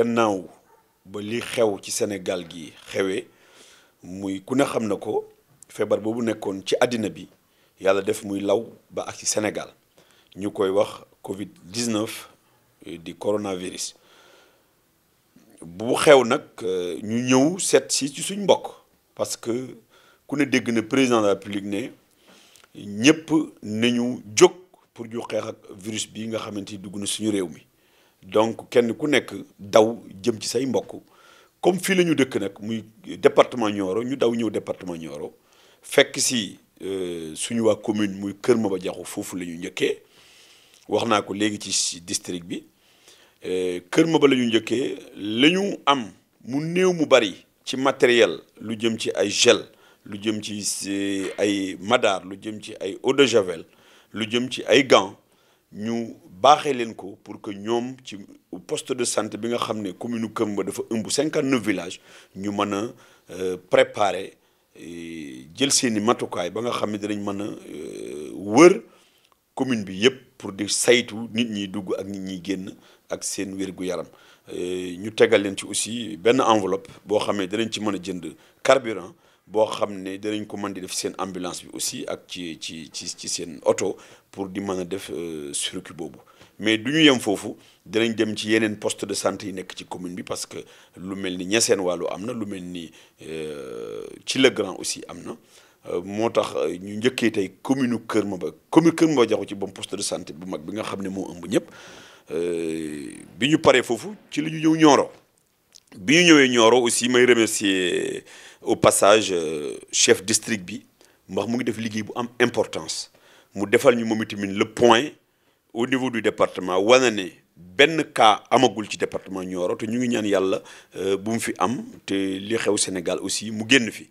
gannaaw ba li xew ci Sénégal gi xewee muy ku ne xam na ko feebar boobu nekkoon ci àddina bi yàlla def muy law ba ak ci Sénégal ñu koy wax Covid 19 eh, di coronavirus bu xew nag eh, ñu ñëw seet si ci suñ mbokk parce que ku ne dégg na président de la République ne ñëpp nañu jóg pour ju xeex ak virus bi nga xamante ni dugg na suñu réew mi. donc kenn ku nekk daw jëm ci say mbokk comme fii la ñu dëkk nag muy département Nioro ñu daw ñëw département Nioro fekk si euh, suñu waa commune muy Kër Maba Jaxu foofu la ñu njëkkee wax naa ko léegi ci district bi euh, Kër Maba la ñu njëkkee la ñu am mu néew mu bari ci matériel lu jëm ci ay gel lu jëm ci euh, ay madar lu jëm ci ay eau de javel lu jëm ci ay gants ñu baaxe leen ko pour que ñoom ci poste de santé bi nga xam ne commune Kër ba dafa ëmb 59 villages ñu mën a euh, préparer euh, jël seen i matukaay ba nga xam ne danañ mën a euh, wër commune bi yëpp pour di saytu nit ñiy dugg ak nit ñiy génn ak seen wér-gu-yaram ñu tegal leen ci aussi benn enveloppe boo xam ne dinañ ci mën a jënd carburant. boo xam ne danañ ko mën di def seen ambulance bi aussi ak ci ci ci ci seen oto pour di mën a def euh, circuit boobu mais du ñu yem foofu danañ dem ci yeneen post de santé yi nekk ci commune bi parce que lu mel ni ñeseen wàllu am na lu mel ni euh, ci le grand aussi am na euh, moo tax ñu njëkkee tey commune Kër ba commune Kër Maba Jaxu ci bom poste de santé bu mag bi nga xam ne moo ëmb ñëpp bi ñu paree foofu ci li ñu ñëw ñooro bi ñu ñëwee Nioro aussi may remercier euh, au passage euh, chef district bi ndax mu ngi def liggéey bu am importance mu defal ñu moom itamit le point au niveau du département wane ne benn cas amagul ci département Nioro te ñu ngi ñaan yàlla euh, bu mu fi am te li xew Sénégal aussi mu génn fi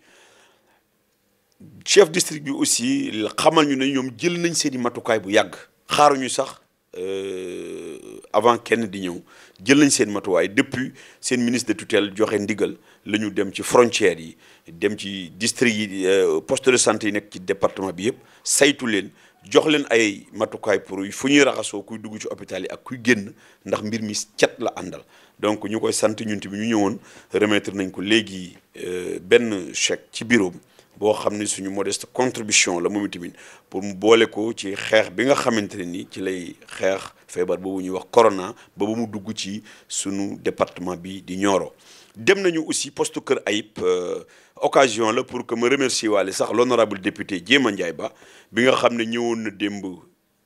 chef district bi aussi xamal ñu ne ñoom jël nañ seeni matukaay bu yàgg xaaruñu sax. avant kenn di ñëw jël nañ seen matuwaay depuis seen ministre de tutelle joxe ndigal la ñu dem ci frontières yi dem ci district yi euh, poste de santé yi nekk ci département bi yëpp saytu leen jox leen ay matukaay pour fu ñuy raxasoo kuy dugg ci hôpital yi ak kuy génn ndax mbir mi cet la àndal donc ñu koy sant ñun tamit ñu ñëwoon remettre nañ ko léegi euh, benn chèque ci bureau boo xam ne suñu modeste contribution la moom tamit pour mu boole ko ci xeex bi nga xamante ne ni ci lay xeex feebar boobu ñuy wax corona ba ba mu dugg ci sunu département bi di Nioro dem nañu aussi poste Kër Ayib euh, occasion la pour que ma remercier waale sax l'honorable député Jéema Ndiaye Ba bi nga xam ne ñëwoon na démb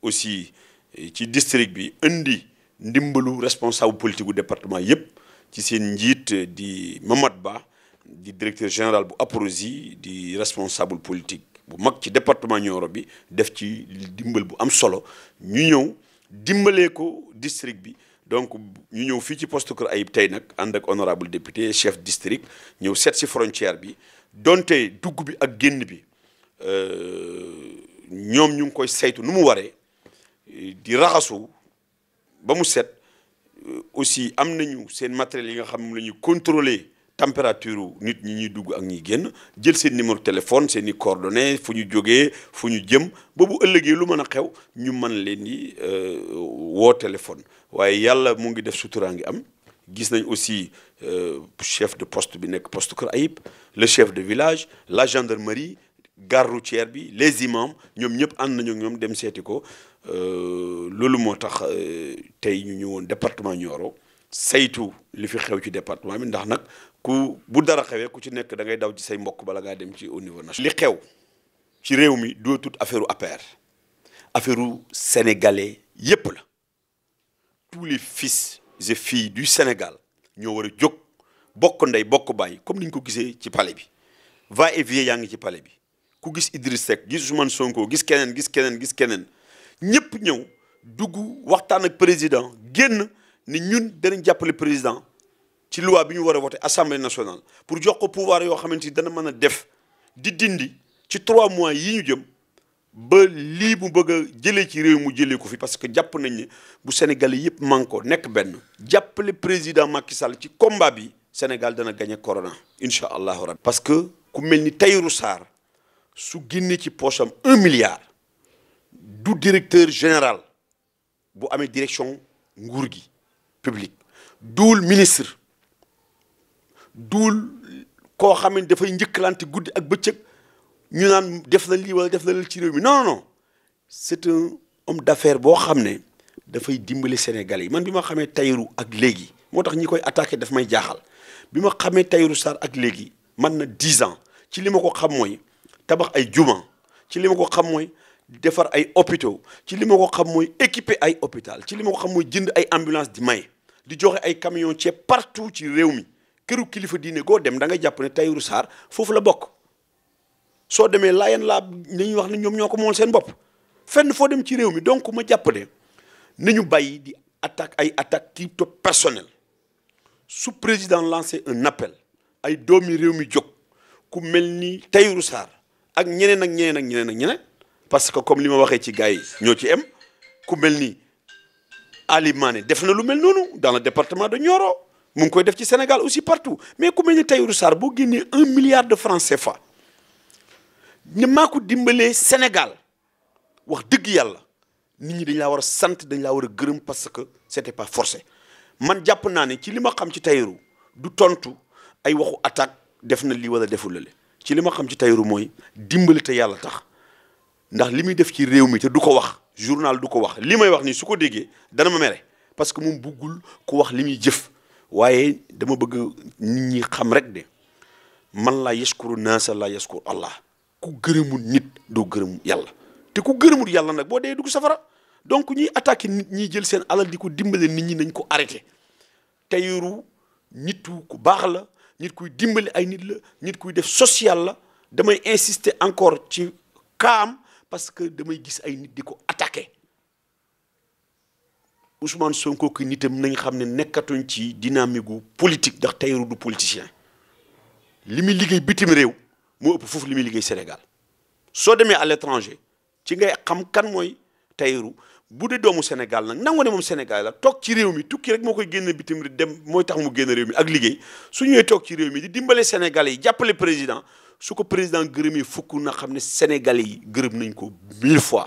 aussi euh, ci district bi indi ndimbalu responsable politique gu département yëpp ci seen njiit di Mamad Ba di directeur général bu APROSI di responsable politique bu mag ci département Nioro bi def ci dimbal bu am solo ñu ñëw dimbalee ko district bi donc ñu ñëw fii ci poste Kër Ayib tey nag ànd ak honorable député chef district ñëw seet si frontière bi donte dugg bi ak génn bi euh, ñoom ñu ngi koy saytu nu mu waree di raxasu ba mu set euh, aussi am nañu seen matériel yi nga xam ne la ñuy contrôler température nit ñi ñuy dugg ak ñuy génn jël seen numéro téléphone seen i coordonnées fu ñu jógee fu ñu jëm ba bu ëllëgee lu mën a xew ñu man leen di euh, woo téléphone waaye yàlla mu ngi def suturaa ngi am gis nañ aussi euh, chef de post bi nekk poste Kër Ayib le chef de village la gendarmerie gare routière bi les imams ñoom ñëpp ànd nañu ñoom dem seeti ko euh, loolu moo tax tey ñu ñëwoon département Nioro saytu li fi xew ci département bi ndax nag ku bu dara xewee ku ci nekk da ngay daw ci say mbokk bala ngaa dem ci au niveau national. li xew ci réew mi dootul affaire u affaire u sénégalais yépp la tous les fils filles du Sénégal ñoo war a jóg bokk ndey bokk bàyyi comme ni ñu ko gisee ci pale bi va et vient yaa ngi ci pale bi ku gis Idriss Seck gis Ousmane Sonko gis keneen gis keneen gis keneen ñëpp ñëw dugg waxtaan ak président génn. ni ñun danañ jàppale président ci loi bi ñu war a voté assemblée nationale pour jox ko pouvoir yoo xamante ni dana mën a def di dindi ci trois mois yi ñu jëm ba lii mu bëgg a jëlee ci réew mu jëlee ko fi parce que jàpp nañ ne bu Sénégal yëpp man ko nekk benn. jàppale président Macky Sall ci combat bi Sénégal dana gagné corona incha allahu rabbi. parce que ku mel ni Tahirou Sarr su génnee ci poche am un milliard du directeur général bu amee direction nguur gi. publique duul ministre duul koo xam ne dafay njëkkalante guddi ak bëccëg ñu naan def na lii wala def na lii ci réew mi non non c'est un homme boo xam ne dafay dimbali Sénégalais yi man bi ma xamee Tahirou ak léegi moo tax ñi koy attaqué daf may jaaxal bi ma xamee Tahirou Sarr ak léegi man na 10 ans ci li ma ko xam mooy tabax ay juma ci li ma ko xam mooy defar ay hôpitaux ci li ma ko xam mooy équiper ay hôpital ci li ma ko xam mooy jënd ay ambulance di may di joxe ay camion ceeb partout ci réew mi këru kilifa diine goo dem da nga jàpp ne Tahirou Sarr foofu la bokk soo demee Layeen laa nañuy wax ne ñoom ñoo ko moom seen bopp fenn foo dem ci réew mi donc ma jàpp ne ñu bàyyi di attaque ay attaque crypto personnel su président lancé un appel ay doomi réew mi jóg ku mel nii Tahirou Sarr ak ñeneen ak ñeneen ak ñeneen ak ñeneen parce que comme li ma waxee ci gars yi ñoo ci am ku mel nii Ali Mané def na lu mel noonu dans le département de Nioro mu ngi koy def ci Sénégal aussi partout mais ku mel ni Tahirou Sarr boo génnee un milliard de francs CFA ne maa ko dimbalee Sénégal wax dëgg yàlla nit ñi dañ laa war a sant dañ laa war a gërëm parce que c'était pas forcé man jàpp naa ne ci lima ma xam ci Tahirou du tontu ay waxu attaque def na lii wala deful lale ci li ma xam ci Tahirou mooy dimbali te yàlla tax ndax li muy def ci réew mi te du ko wax. journal du ko wax li may wax ni su ko déggee dana ma mere parce que moom buggul ko wax li muy jëf waaye dama bëgg nit ñi xam rek de man laa yaskuru naasa laa yaskuru allah ku gërëmul nit doo gërëm yàlla te ku gërëmul yàlla nag boo dee dugg safara donc ñuy attaque nit ñi jël seen alal di ko dimbale nit ñi nañ ko arrêté Tahirou nitu ku baax la nit kuy dimbale ay nit la nit kuy def social la damay insister encore ci kaam parce que damay gis ay nit di ko attaqué Ousmane Sonko ki nitam nañ xam ne nekkatuñ ci dynamique gu politique ndax Tahirou du politicien li muy liggéey bitim réew moo ëpp foofu li muy liggéey Sénégal soo demee à l'étranger ci ngay xam kan mooy Tahirou bu dee doomu Sénégal nag nangu ne moom Sénégal la toog ci réew mi tukki rek moo koy génn bitim dem mooy tax mu génn réew mi ak liggéey su ñëwee toog ci réew mi di dimbale Sénégalais yi jàppale président. su ko président gërëmee fukk na xam ne sénégalais yi gërëm nañ ko mille fois